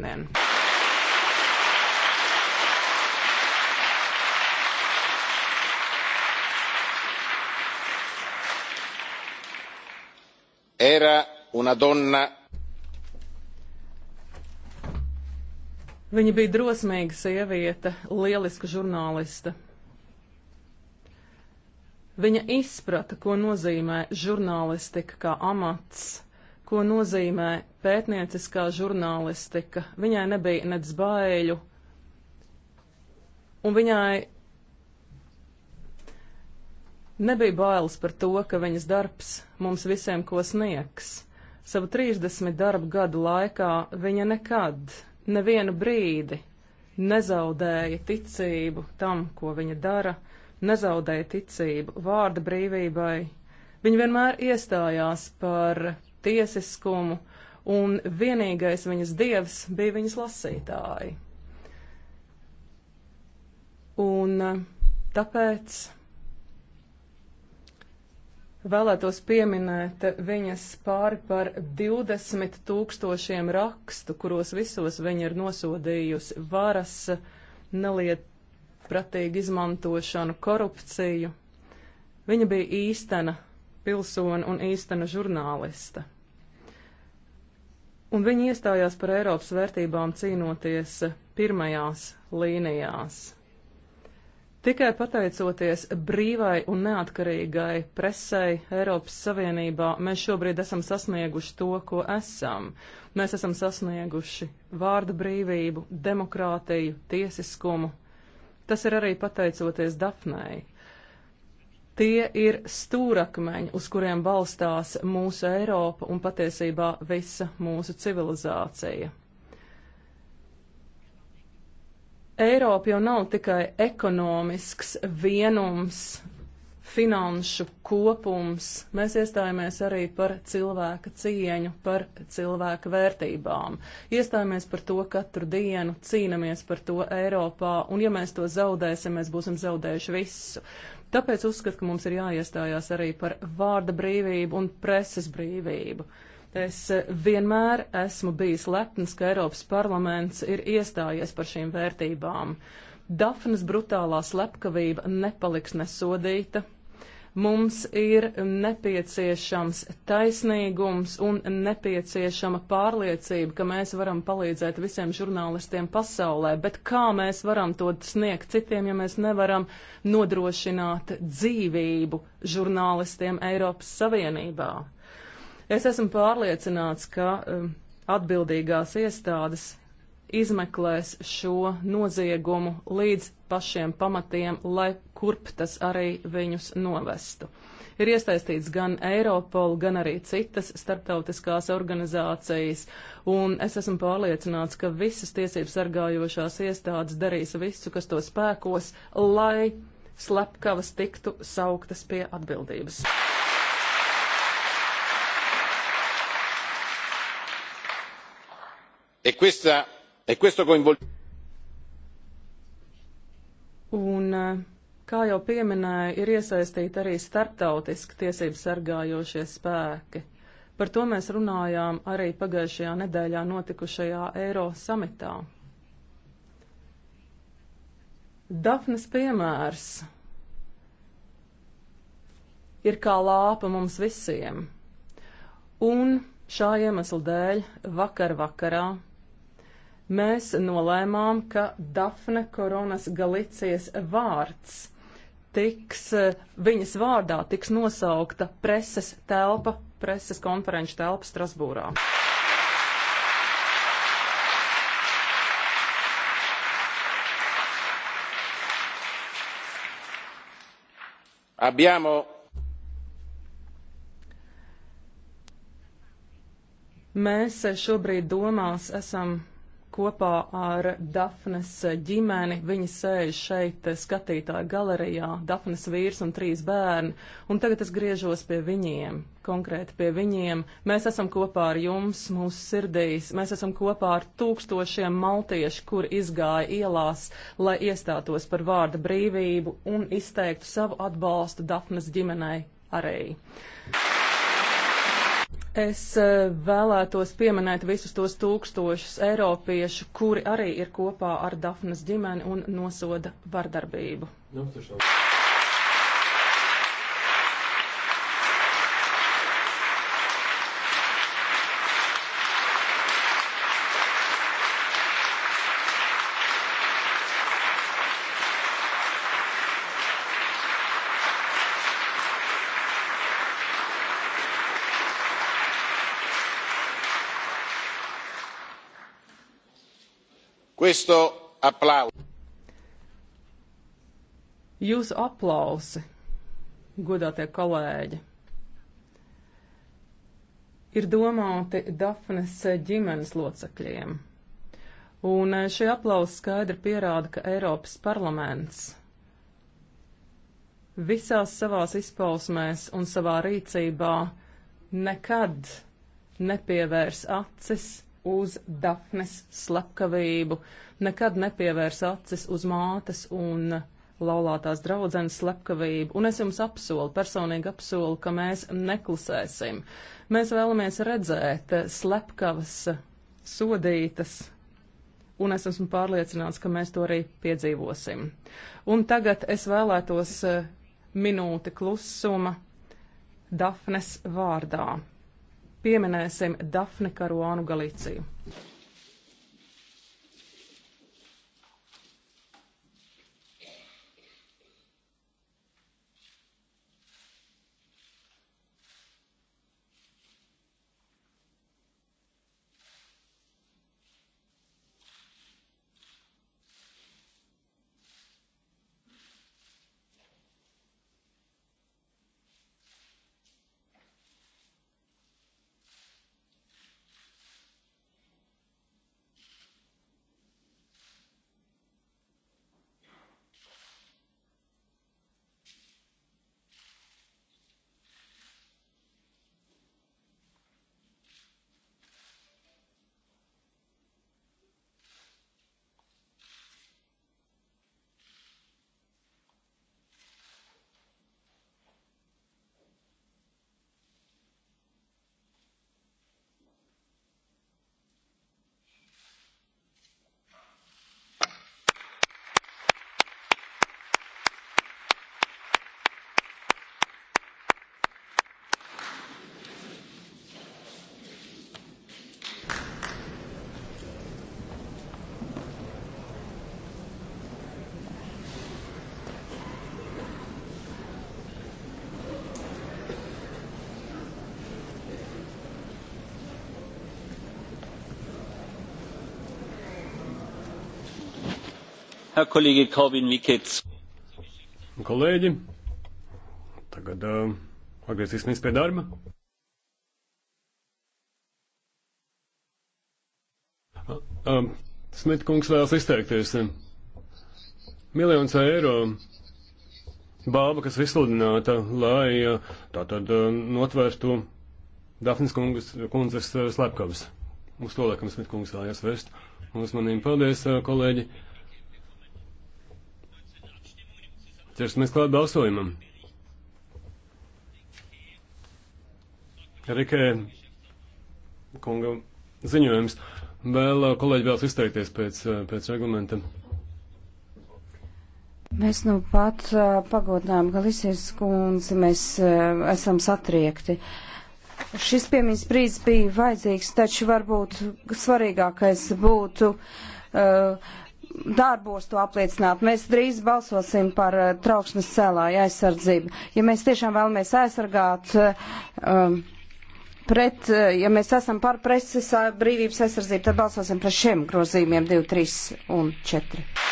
nākotnēm. Era una donna. Viņa bija drosmīga sieviete, lieliska žurnāliste. Viņa izprata, ko nozīmē žurnālistika kā amats ko nozīmē pētnieciskā žurnālistika. Viņai nebija nec baiļu, un viņai nebija bailes par to, ka viņas darbs mums visiem ko sniegs. Savu 30 darbu gadu laikā viņa nekad, nevienu brīdi nezaudēja ticību tam, ko viņa dara, nezaudēja ticību vārda brīvībai. Viņa vienmēr iestājās par tiesiskumu, un vienīgais viņas dievs bija viņas lasītāji. Un eh, tāpēc vēlētos pieminēt viņas pāri par 20 tūkstošiem rakstu, kuros visos viņa ir nosodījusi varas nelietpratīgu izmantošanu, korupciju. Viņa bija īstena pilsona un īstena žurnālista un viņi iestājās par Eiropas vērtībām cīnoties pirmajās līnijās. Tikai pateicoties brīvai un neatkarīgai presei Eiropas Savienībā, mēs šobrīd esam sasnieguši to, ko esam. Mēs esam sasnieguši vārda brīvību, demokrātiju, tiesiskumu. Tas ir arī pateicoties Dafnei. Tie ir stūrakmeņi, uz kuriem balstās mūsu Eiropa un patiesībā visa mūsu civilizācija. Eiropa jau nav tikai ekonomisks vienums, finanšu kopums. Mēs iestājāmies arī par cilvēka cieņu, par cilvēka vērtībām. Iestājāmies par to katru dienu, cīnamies par to Eiropā, un ja mēs to zaudēsim, mēs būsim zaudējuši visu. Tāpēc uzskatu, ka mums ir jāiestājās arī par vārda brīvību un preses brīvību. Es vienmēr esmu bijis lepns, ka Eiropas parlaments ir iestājies par šīm vērtībām. Dafnes brutālā slepkavība nepaliks nesodīta, Mums ir nepieciešams taisnīgums un nepieciešama pārliecība, ka mēs varam palīdzēt visiem žurnālistiem pasaulē, bet kā mēs varam to sniegt citiem, ja mēs nevaram nodrošināt dzīvību žurnālistiem Eiropas Savienībā? Es esmu pārliecināts, ka um, atbildīgās iestādes izmeklēs šo noziegumu līdz pašiem pamatiem, lai kurp tas arī viņus novestu. Ir iesaistīts gan Eiropol, gan arī citas starptautiskās organizācijas, un es esmu pārliecināts, ka visas tiesības sargājošās iestādes darīs visu, kas to spēkos, lai slepkavas tiktu sauktas pie atbildības. E questa E questo coinvolgimento. Un, kā jau pieminēja, ir iesaistīti arī starptautiski tiesību sargājošie spēki. Par to mēs runājām arī pagājušajā nedēļā notikušajā Eiro samitā. Dafnes piemērs ir kā lāpa mums visiem. Un šā iemesla dēļ vakar vakarā mēs nolēmām, ka Dafne Koronas Galicijas vārds tiks, viņas vārdā tiks nosaukta preses telpa, preses konferenču telpa Strasbūrā. Abbiamo Mēs šobrīd domās esam kopā ar Dafnes ģimeni. Viņi sēž šeit skatītāju galerijā, Dafnes vīrs un trīs bērni, un tagad es griežos pie viņiem, konkrēti pie viņiem. Mēs esam kopā ar jums, mūsu sirdīs, mēs esam kopā ar tūkstošiem maltiešu, kur izgāja ielās, lai iestātos par vārda brīvību un izteiktu savu atbalstu Dafnes ģimenei arī. Es eh, vēlētos pieminēt visus tos tūkstošus eiropiešu, kuri arī ir kopā ar Dafnas ģimeni un nosoda vardarbību. Jums, nu, Questo applauso. Jūsu aplausi, godātie kolēģi, ir domāti Dafnes ģimenes locekļiem. Un eh, šie aplausi skaidri pierāda, ka Eiropas parlaments visās savās izpausmēs un savā rīcībā nekad nepievērs acis uz Dafnes slepkavību, nekad nepievērs acis uz mātes un laulātās draudzenes slepkavību, un es jums apsolu, personīgi apsolu, ka mēs neklusēsim. Mēs vēlamies redzēt slepkavas sodītas, un es esmu pārliecināts, ka mēs to arī piedzīvosim. Un tagad es vēlētos minūti klusuma Dafnes vārdā pieminēsim Dafni Karuānu Galiciju. Herr Kollege Korvin Mikets. Kolēģi, tagad uh, atgriezīsimies pie darba. Uh, uh, um, Smita kungs vēlas izteikties. Miljons eiro bāba, kas izsludināta, lai uh, tātad uh, notvērtu Dafnis kungas, kundzes uh, slepkavas. Uz to, laikam, Smita kungs vēlējās vērst. Uzmanību paldies, kolēģi. Ķersimies klāt balsojumam. Rikē kunga ziņojums. Vēl kolēģi vēlas izteikties pēc, pēc reglamenta. Mēs nu pat pagodinām Galisies kundzi, mēs esam satriekti. Šis piemiņas brīdis bija vajadzīgs, taču varbūt svarīgākais būtu uh, darbos to apliecināt. Mēs drīz balsosim par eh, trauksmes cēlāju aizsardzību. Ja mēs tiešām vēlamies aizsargāt. Eh, um, pret, eh, ja mēs esam par preses brīvības aizsardzību, tad balsosim par šiem grozījumiem 2, 3 un 4.